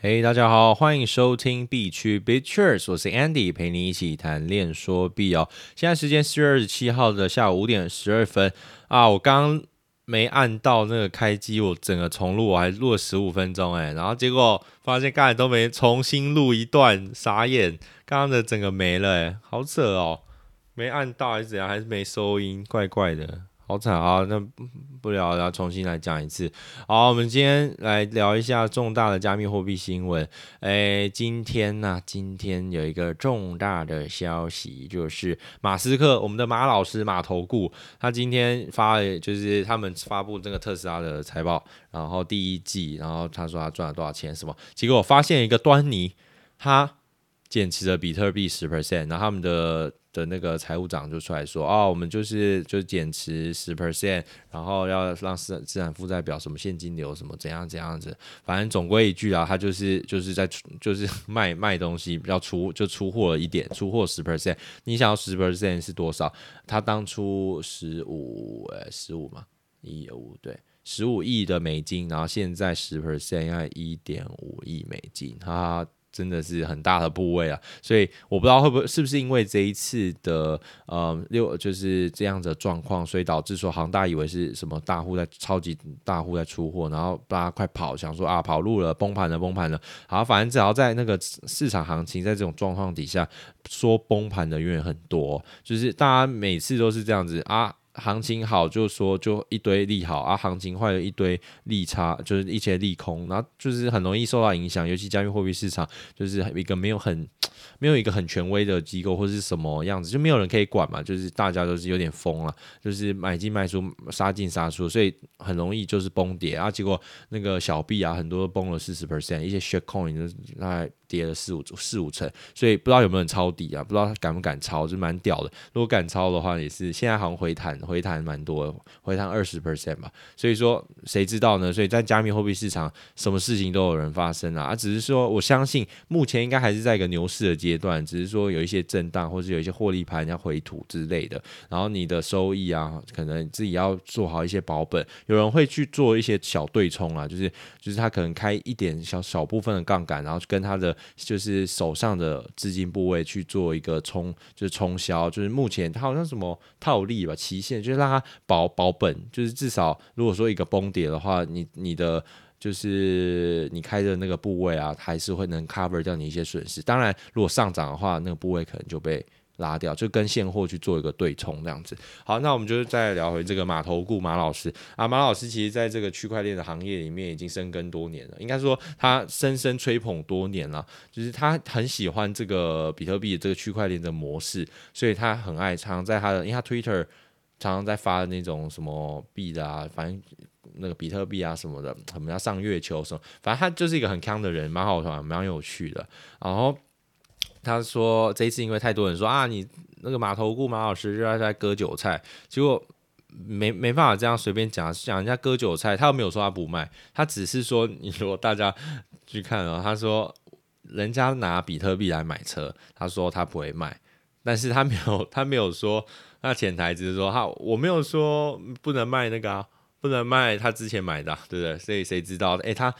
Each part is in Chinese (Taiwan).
嘿，hey, 大家好，歡迎收聽 B 區 Bit Church 我是 Andy，陪你一起談戀說幣哦。現在時間四月二十七號的下午五點十二分啊，我剛剛沒按到那個開機，我整個重錄，我還錄了十五分鐘哎，然後結果發現剛才都沒重新錄一段，傻眼，剛剛的整個沒了哎，好扯哦，沒按到還是怎樣，還是沒收音，怪怪的。好慘啊！那不聊了，重新來講一次。好，我們今天來聊一下重大的加密貨幣新聞。誒，今天呢、啊，今天有一個重大的消息，就是馬斯克，我們的馬老師馬投顧，他今天發了，就是他們發佈這個特斯拉的財報，然後第一季，然後他說他賺了多少錢，什麼？結果我發現一個端倪，他。減持了比特幣十 percent，然後他們的的那個財務長就出來說：“哦，我們就是就是減持十 percent，然後要讓市資產負債表什麼現金流什麼怎樣怎樣子，反正總歸一句啊，他就是就是在、就是在就是賣賣東西要出就出貨了一點，出貨十 percent，你想要十 percent 是多少？他當初十五誒，十五嘛，一五對，十五億的美金，然後現在十 percent 要一點五億美金，哈哈。”真的是很大的部位啊，所以我不知道會不會是不是因為這一次的呃六就是這樣子的狀況，所以導致說行大以為是什麼大戶在超級大戶在出貨，然後大家快跑，想說啊跑路了，崩盤了，崩盤了。好，反正只要在那個市場行情在這種狀況底下說崩盤的原因很多，就是大家每次都是這樣子啊。行情好就是說，就一堆利好啊，行情壞了一堆利差，就是一些利空，然後就是很容易受到影響，尤其加密貨幣市場就是一個沒有很沒有一個很權威的機構或是什麼樣子，就沒有人可以管嘛，就是大家都是有點瘋了、啊，就是買進賣出殺進殺出，所以很容易就是崩跌啊，結果那個小幣啊很多都崩了四十 percent，一些 shit coin 就是。跌了四五四五成，所以不知道有沒有人抄底啊？不知道他敢不敢抄，就蠻屌的。如果敢抄的話，也是現在好像回彈，回彈蠻多的，回彈二十 percent 吧。所以說，誰知道呢？所以在加密貨幣市場，什麼事情都有人發生啊！啊，只是說，我相信目前應該還是在一個牛市的階段，只是說有一些震盪，或是有一些獲利盤要回吐之類的。然後你的收益啊，可能自己要做好一些保本。有人會去做一些小對沖啊，就是就是他可能開一點小小部分的槓桿，然後跟他的。就是手上的資金部位去做一個沖，就是沖銷，就是目前它好像什麼套利吧，期限就是讓它保保本，就是至少如果說一個崩跌的話，你你的就是你開的那個部位啊，還是會能 cover 掉你一些損失。當然，如果上漲的話，那個部位可能就被。拉掉，就跟現貨去做一個對沖這樣子。好，那我們就是再聊回這個馬投顧馬老師啊，馬老師其實在這個區塊鏈的行業裡面已經深耕多年了，應該說他深深吹捧多年了，就是他很喜歡這個比特幣這個區塊鏈的模式，所以他很愛，常常在他的，因為他 Twitter 常常在發的那種什麼幣的啊，反正那個比特幣啊什麼的，怎麼要上月球什麼，反正他就是一個很康的人，蠻好玩，蠻有趣的，然後。他說：“這一次因為太多人說啊，你那個馬投顧馬老師在在割韭菜，結果沒沒辦法這樣隨便講講人家割韭菜。他又沒有說他不賣，他只是說，你說大家去看啊，哦。他說人家拿比特幣來買車，他說他不會賣，但是他沒有他沒有說。那前台只是說，哈，我沒有說不能賣那個啊，不能賣他之前買的，啊，對不對？所以誰知道？誒，他。”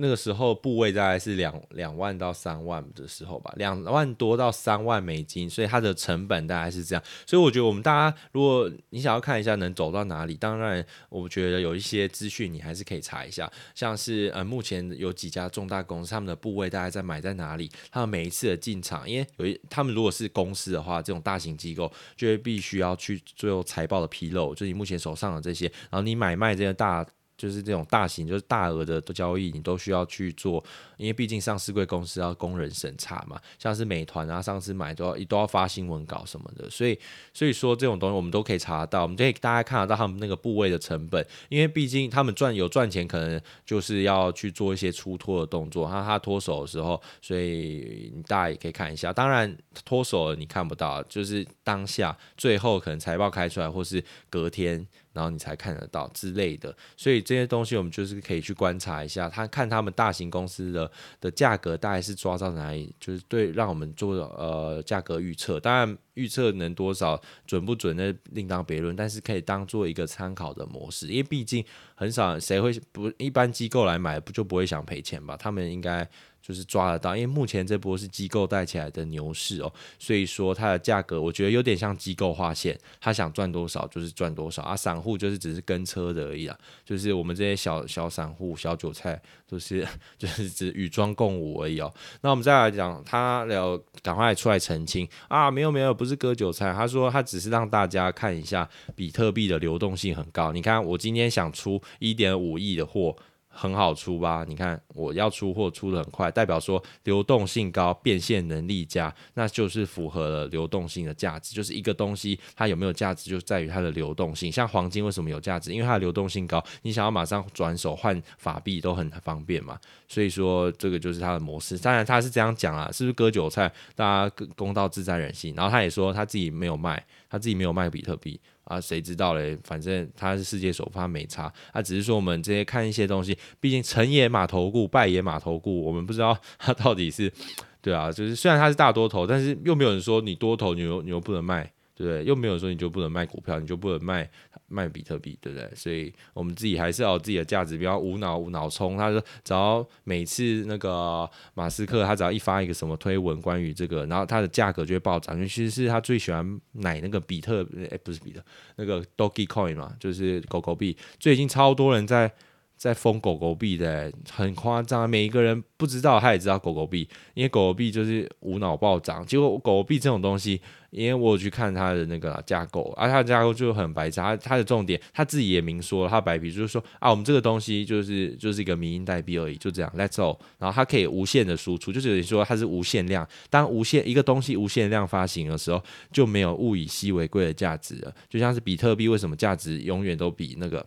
那個時候部位大概是兩兩萬到三萬的時候吧，兩萬多到三萬美金，所以它的成本大概是這樣。所以我覺得我們大家，如果你想要看一下能走到哪裡，當然我覺得有一些資訊你還是可以查一下，像是呃目前有幾家重大公司他們的部位大概在買在哪裡，他們每一次的進場，因為有一他們如果是公司的話，這種大型機構就會必須要去最後財報的披露，就是你目前手上的這些，然後你買賣這些大。就是這種大型，就是大額的交易，你都需要去做，因為畢竟上市櫃公司要供人審查嘛，像是美團啊，上次買都要都要發新聞稿什麼的，所以所以說這種東西我們都可以查得到，我們就可以大家看得到他們那個部位的成本，因為畢竟他們賺有賺錢，可能就是要去做一些出脫的動作，他他脫手的時候，所以你大家也可以看一下。當然脫手了你看不到，就是當下最後可能財報開出來，或是隔天，然後你才看得到之類的，所以。這些東西我們就是可以去觀察一下，他看他們大型公司的的價格大概是抓到哪裡，就是對，讓我們做呃價格預測。當然預測能多少準不准那另當別論，但是可以當做一個參考的模式，因為畢竟很少人誰會不一般機構來買不就不會想賠錢吧？他們應該。就是抓得到，因為目前這波是機構帶起來的牛市哦，所以說它的價格我覺得有點像機構劃線，他想賺多少就是賺多少啊，散戶就是只是跟車的而已啦，就是我們這些小小散戶、小韭菜，就是，就是就是只與莊共舞而已哦。那我們再來講，他了趕快出來澄清啊，沒有沒有，不是割韭菜，他說他只是讓大家看一下比特幣的流動性很高，你看我今天想出一點五億的貨。很好出吧？你看我要出貨出得很快，代表說流動性高，變現能力佳，那就是符合了流動性的價值。就是一個東西它有沒有價值，就在於它的流動性。像黃金為什麼有價值？因為它的流動性高，你想要馬上轉手換法幣都很方便嘛。所以說這個就是它的模式。當然他是這樣講啊，是不是割韭菜？大家公道自在人心。然後他也說他自己沒有賣，他自己沒有賣比特幣。啊，誰知道嘞？反正它是世界首發，沒差。啊只是說我們這些看一些東西，畢竟成也馬投顧，敗也馬投顧，我們不知道它到底是，對啊，就是雖然它是大多頭，但是又沒有人說你多頭，你又你又不能賣。對，又沒有說你就不能賣股票，你就不能賣賣比特幣，對不對？所以我們自己還是要有自己的價值比，不要無腦無腦衝。他說只要每次那個馬斯克他只要一發一個什麼推文關於這個，然後它的價格就會暴漲。尤其是他最喜歡買那個比特，誒不是比特，那個 Dogecoin 嘛，就是狗狗幣。最近超多人在。在封狗狗幣的很誇張，每一個人不知道他也知道狗狗幣，因為狗狗幣就是無腦暴漲。結果狗狗幣這種東西，因為我有去看它的那個架構，而、啊、它的架構就很白痴它。它的重點，它自己也明說了，它白皮就是說啊，我們這個東西就是就是一個迷因代幣而已，就這樣。Let's go，然後它可以無限的輸出，就等、是、於說它是無限量。當無限一個東西無限量發行的時候，就沒有物以稀為貴的價值了。就像是比特幣，為什麼價值永遠都比那個？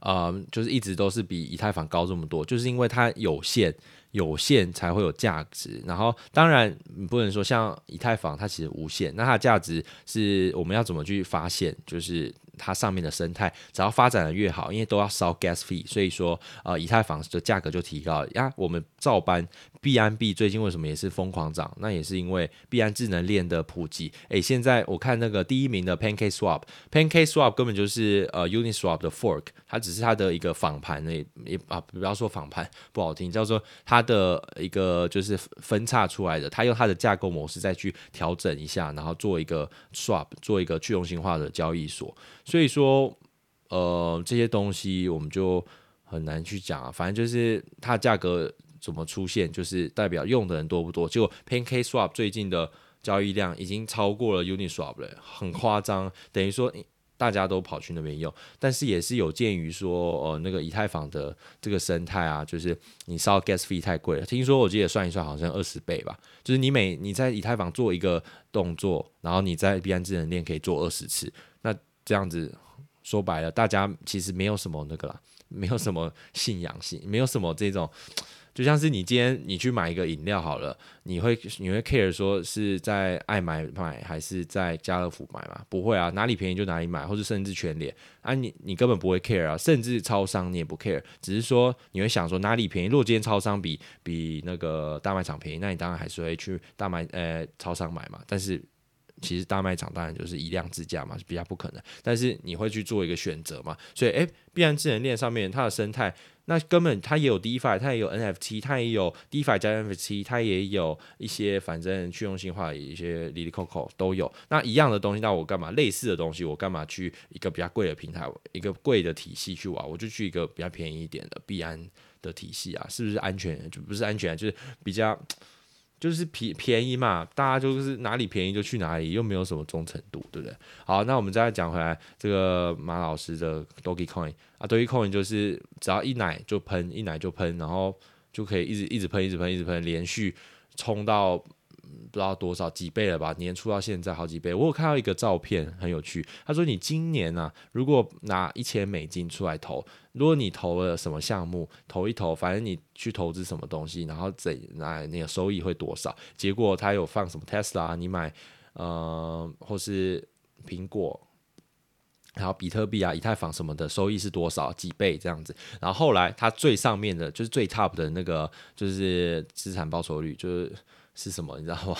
呃、嗯，就是一直都是比以太坊高這麼多，就是因為它有限，有限才會有價值。然後當然你不能說像以太坊它其實無限，那它的價值是我們要怎麼去發現？就是。它上面的生態，只要發展的越好，因為都要燒 gas fee。所以說，呃，以太坊的價格就提高了呀，啊。我們照搬幣安幣，B B、最近為什麼也是瘋狂漲？那也是因為幣安智能鏈的普及。誒、欸，現在我看那個第一名的 Pancake Swap，Pancake Swap 根本就是呃 Uniswap 的 fork，它只是它的一個仿盤，已，也，也啊，不要說仿盤不好聽，叫做它的一個就是分叉出來的，它用它的架構模式再去調整一下，然後做一個 swap，做一個去中心化的交易所。所以說，呃，這些東西我們就很難去講啊。反正就是它的價格怎麼出現，就是代表用的人多不多。結果 Pancake Swap 最近的交易量已經超過了 Uniswap 了，很誇張。等於說，大家都跑去那邊用，但是也是有鑑於說，呃，那個以太坊的這個生態啊，就是你燒 gas fee 太貴了。聽說我記得算一算，好像二十倍吧。就是你每你在以太坊做一個動作，然後你在 Binance 智能鏈可以做二十次。這樣子說白了，大家其實沒有什麼那個啦，沒有什麼信仰性，沒有什麼這種，就像是你今天你去買一個飲料好了，你會你會 care 說是在愛買買還是在家樂福買嘛？不會啊，哪裡便宜就哪裡買，或者甚至全聯啊你，你你根本不會 care 啊，甚至超商你也不 care，只是說你會想說哪裡便宜。如果今天超商比比那個大賣場便宜，那你當然還是會去大賣呃超商買嘛。但是。其實大賣場當然就是一輛自駕嘛，是比較不可能。但是你會去做一個選擇嘛？所以，誒、欸，幣安智能鏈上面它的生態，那根本它也有 DeFi，它也有 NFT，它也有 DeFi 加 NFT，它也有一些反正去中心化的一些裡裡扣扣都有。那一樣的東西，那我幹嘛類似的東西，我幹嘛去一個比較貴的平台，一個貴的體系去玩？我就去一個比較便宜一點的幣安的體系啊，是不是安全？就不是安全，就是比較。就是便便宜嘛，大家就是哪裡便宜就去哪裡，又沒有什麼忠誠度，對不對？好，那我們再來講回來這個馬老師的 Dogecoin 啊，Dogecoin 就是只要一奶就噴，一奶就噴，然後就可以一直一直噴，一直噴，一直噴，連續衝到。不知道多少幾倍了吧？年初到現在好幾倍。我有看到一個照片，很有趣。他說：“你今年啊，如果拿一千美金出來投，如果你投了什麼項目，投一投，反正你去投資什麼東西，然後怎來那個收益會多少？結果他有放什麼 Tesla，你買呃，或是蘋果，然後比特幣啊、以太坊什麼的，收益是多少幾倍這樣子。然後後來他最上面的就是最 top 的那個，就是資產報酬率，就是。是什麼？你知道嗎？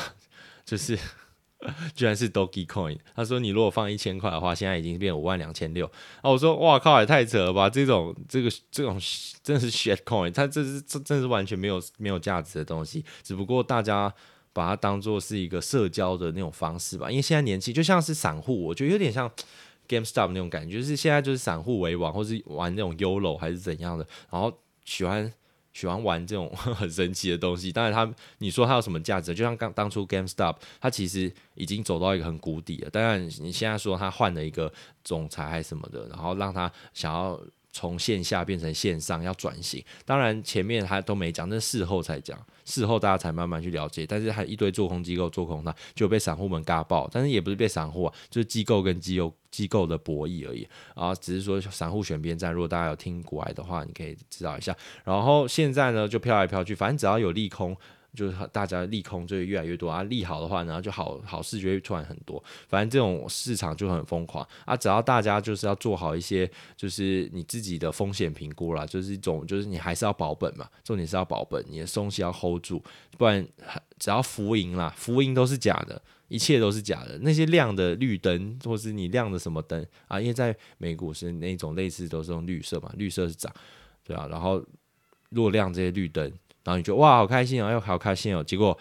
就是，居然是 Dogecoin。他說你如果放一千塊的話，現在已經變五萬兩千六。啊，我說哇靠，也太扯了吧！這種這個這種真是 shit coin，它這是這真是完全沒有沒有價值的東西。只不過大家把它當做是一個社交的那種方式吧。因為現在年輕，就像是散戶，我覺得有點像 GameStop 那種感覺，就是現在就是散戶為王，或是玩那種 YOLO 還是怎樣的，然後喜歡。喜歡玩這種很神奇的東西，當然他，你說他有什麼價值？就像剛當初 GameStop，他其實已經走到一個很谷底了。當然，你現在說他換了一個總裁還是什麼的，然後讓他想要。從線下變成線上要轉型，當然前面還都沒講，那事後才講，事後大家才慢慢去了解。但是還一堆做空機構做空它，就被散戶們嘎爆。但是也不是被散戶啊，就是機構跟機構機構的博弈而已啊，只是說散戶選邊站。如果大家有聽過來的話，你可以知道一下。然後現在呢就飄來飄去，反正只要有利空，就是大家利空就會越來越多啊，利好的話，然後就好好事就會突然很多。反正這種市場就很瘋狂啊！只要大家就是要做好一些，就是你自己的風險評估啦，就是一種，就是你還是要保本嘛。重點是要保本，你的松息要 hold 住，不然只要浮盈啦，浮盈都是假的，一切都是假的。那些亮的綠燈，或是你亮的什麼燈啊？因為在美股是那種類似都是用綠色嘛，綠色是漲，對啊。然後若亮這些綠燈。然後你覺得哇好開心哦，又好開心哦，結果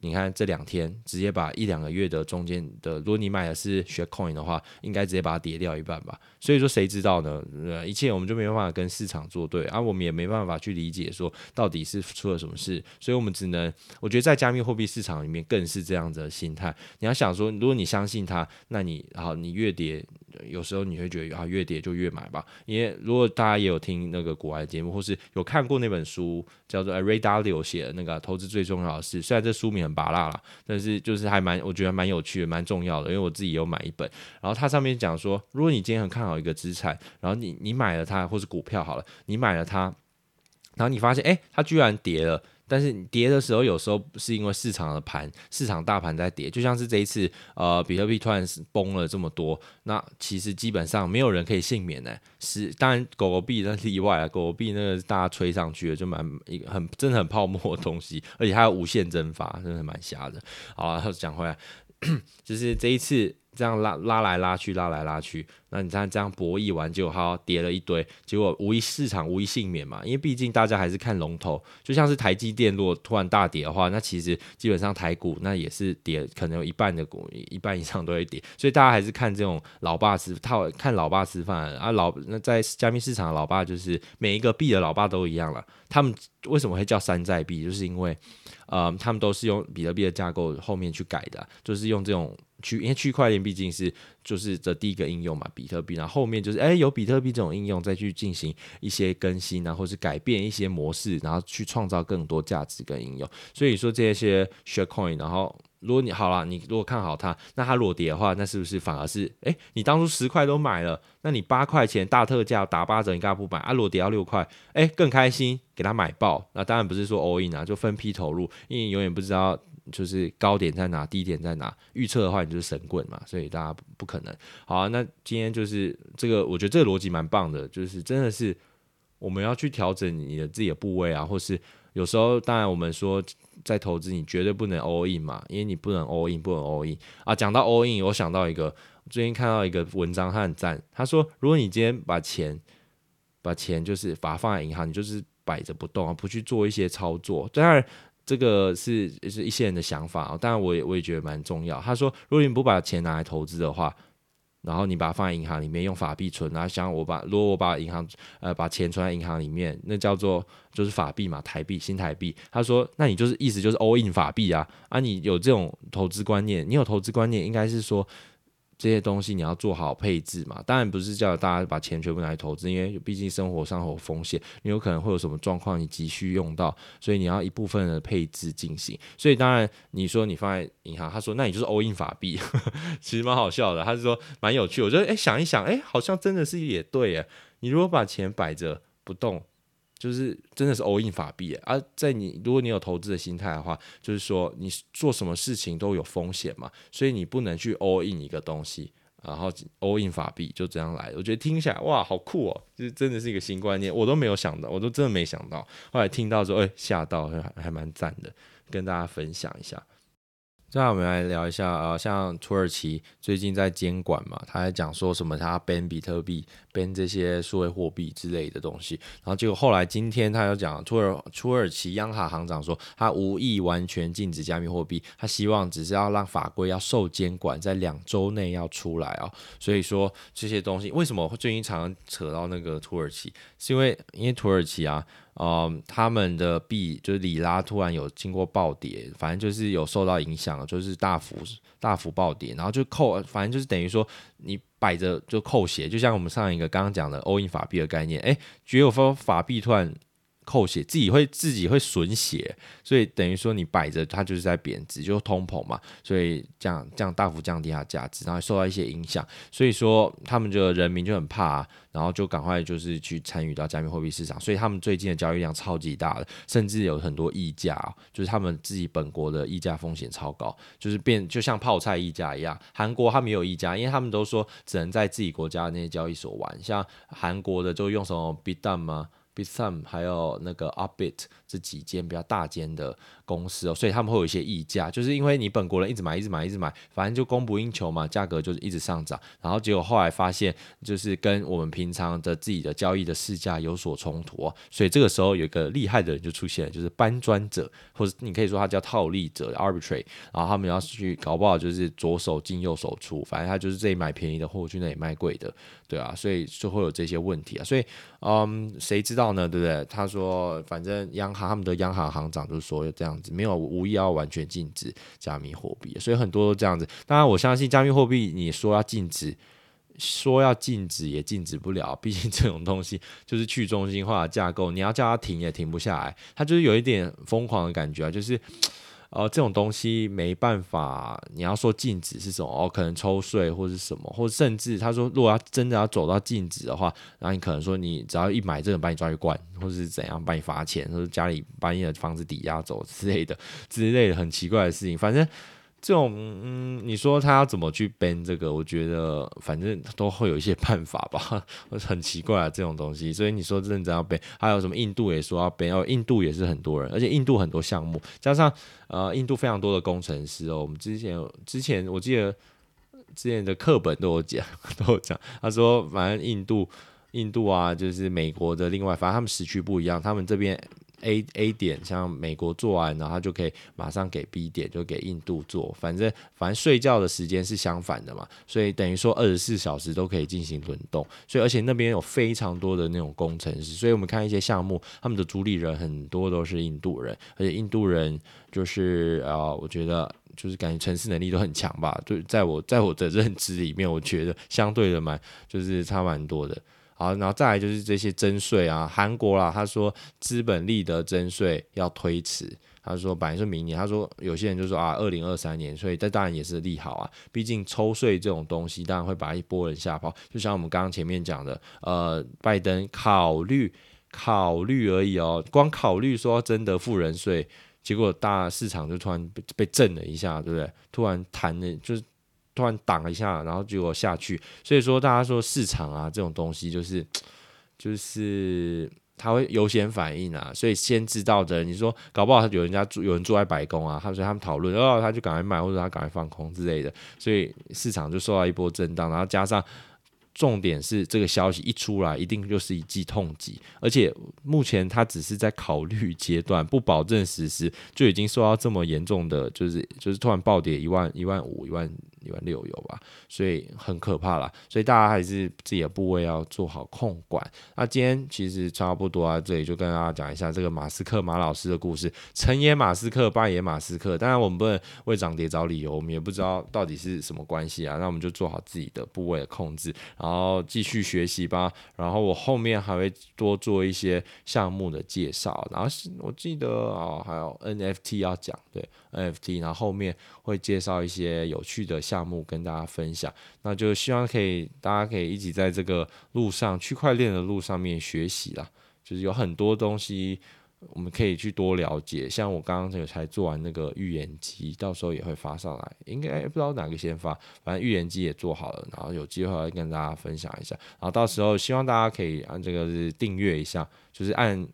你看這兩天直接把一兩個月的中間的，如果你買的是學 coin 的話，應該直接把它跌掉一半吧。所以說誰知道呢？一切我們就沒辦法跟市場作對、啊，而我們也沒辦法去理解說到底是出了什麼事，所以我們只能，我覺得在加密貨幣市場裡面更是這樣子的心態。你要想說，如果你相信它，那你好，你越跌，有時候你會覺得啊，越跌就越買吧。因為如果大家也有聽那個國外的節目，或是有看過那本書，叫做 Ray Dalio 寫的那個、啊《投資最重要的事》，雖然這書名很拔辣啦，但是就是還蠻，我覺得蠻有趣的，蠻重要的。因為我自己有買一本，然後它上面講說，如果你今天很看好一個資產，然後你你買了它，或是股票好了，你買了它，然後你發現誒、欸，它居然跌了。但是你跌的時候，有時候是因為市場的盤，市場大盤在跌，就像是這一次，呃，比特幣突然崩了這麼多，那其實基本上沒有人可以幸免呢、欸。是，當然狗狗幣那例外啊，狗狗幣那個大家吹上去的就蠻一個很真的很泡沫的東西，而且還要無限增發，真的蠻瞎的。好，然後講回來，就是這一次。這樣拉拉來拉去，拉來拉去，那你這樣這樣博弈完，就好跌了一堆，結果無一市場無一幸免嘛？因為畢竟大家還是看龍頭，就像是台積電如果突然大跌的話，那其實基本上台股那也是跌，可能有一半的股一半以上都會跌，所以大家還是看這種老爸吃套，看老爸吃飯啊老。那在加密市場的老爸就是每一個幣的老爸都一樣了。他們為什麼會叫山寨幣？就是因為，呃，他們都是用比特幣的架構後面去改的，就是用這種。區因為區塊鏈畢竟是就是這第一個應用嘛，比特幣，然後後面就是哎、欸、有比特幣這種應用，再去進行一些更新啊，或是改變一些模式，然後去創造更多價值跟應用。所以說這些 Share Coin，然後如果你好了，你如果看好它，那它裸跌的話，那是不是反而是哎、欸、你當初十塊都買了，那你八塊錢大特價打八折，你幹嘛不買啊？裸跌要六塊，哎、欸、更開心，給它買爆。那當然不是說 all in 啊，就分批投入，因為永遠不知道。就是高點在哪，低點在哪，預測的話你就是神棍嘛，所以大家不可能。好啊，那今天就是這個，我覺得這個邏輯蠻棒的，就是真的是我們要去調整你的自己的部位啊，或是有時候當然我們說在投資你絕對不能 all in 嘛，因為你不能 all in，不能 all in 啊。講到 all in，我想到一個，最近看到一個文章他很讚，他說如果你今天把錢把錢就是把它放在銀行，你就是擺着不動而啊，不去做一些操作，當然。這個是是一些人的想法啊、哦，當然我也我也覺得蠻重要。他說，如果你不把錢拿來投資的話，然後你把它放在銀行裡面用法幣存，然後想我把如果我把銀行呃把錢存在銀行裡面，那叫做就是法幣嘛，台幣新台幣。他說，那你就是意思就是 all in 法幣啊啊，你有這種投資觀念，你有投資觀念應該是說。這些東西你要做好配置嘛，當然不是叫大家把錢全部拿來投資，因為畢竟生活上有風險，你有可能會有什麼狀況，你急需用到，所以你要一部分的配置進行。所以當然你說你放在銀行，他說那你就是 all in 法幣，呵呵，其實蠻好笑的，他是說蠻有趣，我覺得哎想一想哎好像真的是也對耶，你如果把錢擺着不動。就是真的是 all in 法幣，而在你如果你有投資的心態的話，就是說你做什麼事情都有風險嘛，所以你不能去 all in 一個東西，然後 all in 法幣就這樣來。我覺得聽起來哇，好酷哦，就是真的是一個新觀念，我都沒有想到，我都真的沒想到。後來聽到說，哎，嚇到，還還蠻讚的，跟大家分享一下。現在我們來聊一下啊、呃，像土耳其最近在監管嘛，他還講說什麼他 ban 比特幣、ban 這些數位貨幣之類的東西，然後結果後來今天他又講土耳土耳其央行行長說他無意完全禁止加密貨幣，他希望只是要讓法規要受監管，在兩周內要出來啊、哦，所以說這些東西為什麼我最近常常扯到那個土耳其，是因為因為土耳其啊。呃，他們的幣就是里拉突然有經過暴跌，反正就是有受到影響，就是大幅大幅暴跌，然後就扣，反正就是等於說你擺着就扣血，就像我們上一個剛剛講的歐印法幣的概念，哎，覺得說法幣突然。扣血自己會自己會損血，所以等於說你擺着它就是在貶值，就通膨嘛。所以這樣這樣大幅降低它價值，然後受到一些影響，所以說他們就人民就很怕啊，然後就趕快就是去參與到加密貨幣市場，所以他們最近的交易量超級大的，甚至有很多溢價哦，就是他們自己本國的溢價風險超高，就是變就像泡菜溢價一樣。韓國他們也有溢價，因為他們都說只能在自己國家那些交易所玩，像韓國的就用什麼幣蛋嗎？Bithumb 還有那個 Upbit 這幾間比較大間的公司哦，所以他們會有一些溢價，就是因為你本國人一直買，一直買，一直買，反正就供不應求嘛，價格就是一直上漲。然後結果後來發現，就是跟我們平常的自己的交易的市價有所衝突哦、啊，所以這個時候有一個厲害的人就出現了，就是搬磚者，或者你可以說他叫套利者 arbitrage，然後他們要去搞不好就是左手進右手出，反正他就是這裡買便宜的貨去那裡賣貴的，對啊，所以就會有這些問題啊，所以。嗯，誰、um, 知道呢？對不對？他說，反正央行他們的央行行長就說這樣子，沒有無意要完全禁止加密貨幣，所以很多都這樣子。當然，我相信加密貨幣，你說要禁止，說要禁止也禁止不了，畢竟這種東西就是去中心化的架構，你要叫它停也停不下來，它就是有一點瘋狂的感覺啊，就是。呃、哦，這種東西沒辦法，你要說禁止是什麼？哦，可能抽稅或是什麼，或甚至他說，如果他真的要走到禁止的話，然後你可能說，你只要一買，這個把你抓去關，或者是怎樣，把你罰錢，或者家裡把你的房子抵押走之類的之類的很奇怪的事情。反正。這種嗯，你說他要怎麼去編這個？我覺得反正都會有一些辦法吧。 很奇怪啊，這種東西。所以你說認真要編，還有什麼印度也說要編，哦，印度也是很多人，而且印度很多項目，加上呃，印度非常多的工程師哦。我們之前之前我記得之前的課本都有講，都有講。他說，反正印度印度啊，就是美國的另外，反正他們時區不一樣，他們這邊。A A 點像美國做完，然後他就可以馬上給 B 點，就給印度做。反正反正睡覺的時間是相反的嘛，所以等於說二十四小時都可以進行輪動。所以而且那邊有非常多的那種工程師，所以我們看一些項目，他們的主理人很多都是印度人，而且印度人就是啊、呃，我覺得就是感覺程式能力都很強吧。就在我在我的認知裡面，我覺得相對的蠻就是差蠻多的。好，然後再來就是這些徵稅啊，韓國啦，他說資本利得徵稅要推遲，他說本來是明年，他說有些人就說啊，二零二三年，所以這當然也是利好啊，畢竟抽稅這種東西，當然會把一波人嚇跑，就像我們剛剛前面講的，呃，拜登考慮考慮而已哦，光考慮說要徵得富人稅，結果大市場就突然被被震了一下，對不對？突然彈了就是。突然擋一下，然後結果下去。所以說，大家說市場啊，這種東西，就是就是它會優先反應啊。所以先知道的，你說搞不好有人家住有人住在白宮啊，他說他們討論，然後、哦他就趕快賣，或者他趕快放空之類的。所以市場就受到一波震盪，然後加上。重點是這個消息一出來，一定就是一記痛擊，而且目前他只是在考慮階段，不保證實施，就已經受到這麼嚴重的，就是就是突然暴跌一萬一萬五一萬一萬六有吧，所以很可怕啦，所以大家還是自己的部位要做好控管。那今天其實差不多啊，這裡就跟大家講一下這個馬斯克馬老師的故事，成也馬斯克，敗也馬斯克。當然我們不能為漲跌找理由，我們也不知道到底是什麼關係啊，那我們就做好自己的部位的控制。然後繼續學習吧。然後我後面還會多做一些項目的介紹。然後我記得哦，還有 NFT 要講，對，NFT。然後後面會介紹一些有趣的項目跟大家分享。那就希望可以，大家可以一起在這個路上，區塊鏈的路上面學習啦。就是有很多東西。我們可以去多了解，像我剛剛才做完那個預言機，到時候也會發上來，應該不知道哪個先發，反正預言機也做好了，然後有機會跟大家分享一下，然後到時候希望大家可以按這個是訂閱一下，就是按。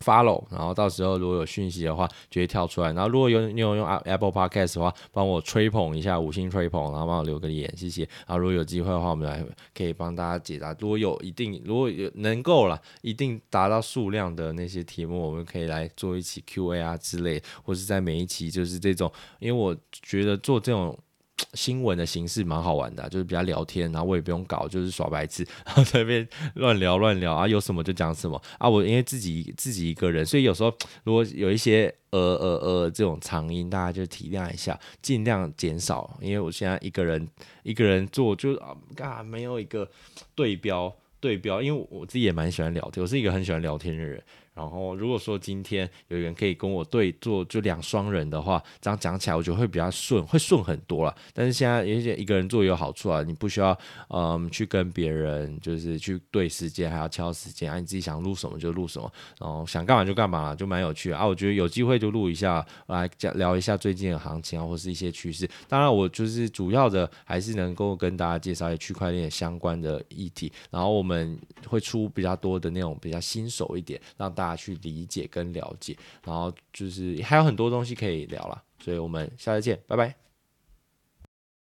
Follow，然後到時候如果有訊息的話，就會跳出來。然後如果有你有用 Apple Podcast 的話，幫我吹捧一下，五星吹捧，然後幫我留個言，謝謝。然後如果有機會的話，我們來可以幫大家解答。如果有一定，如果有能夠啦，一定達到數量的那些題目，我們可以來做一期 Q&A 啊之類，或是在每一期就是這種，因為我覺得做這種。新聞的形式蠻好玩的啊，就是比較聊天，然後我也不用搞，就是耍白痴，然後在那邊亂聊亂聊啊，有什麼就講什麼啊。我因為自己自己一個人，所以有時候如果有一些呃呃呃這種長音，大家就體諒一下，盡量減少，因為我現在一個人一個人做就，就是啊，沒有一個對標對標，因為我，我自己也蠻喜歡聊天，我是一個很喜歡聊天的人。然後如果說今天有人可以跟我對坐，就兩雙人的話，這樣講起來我覺得會比較順，會順很多了。但是現在有些一個人做也有好處啊，你不需要嗯去跟別人就是去對時間，還要敲時間啊，你自己想錄什麼就錄什麼，然後想幹嘛就幹嘛，就蠻有趣啊。我覺得有機會就錄一下，來講聊一下最近的行情啊，或是一些趨勢。當然，我就是主要的還是能夠跟大家介紹一些區塊鏈相關的議題，然後我們會出比較多的那種比較新手一點，讓大家。大家去理解跟了解，然後就是還有很多東西可以聊了，所以我們下次見，拜拜。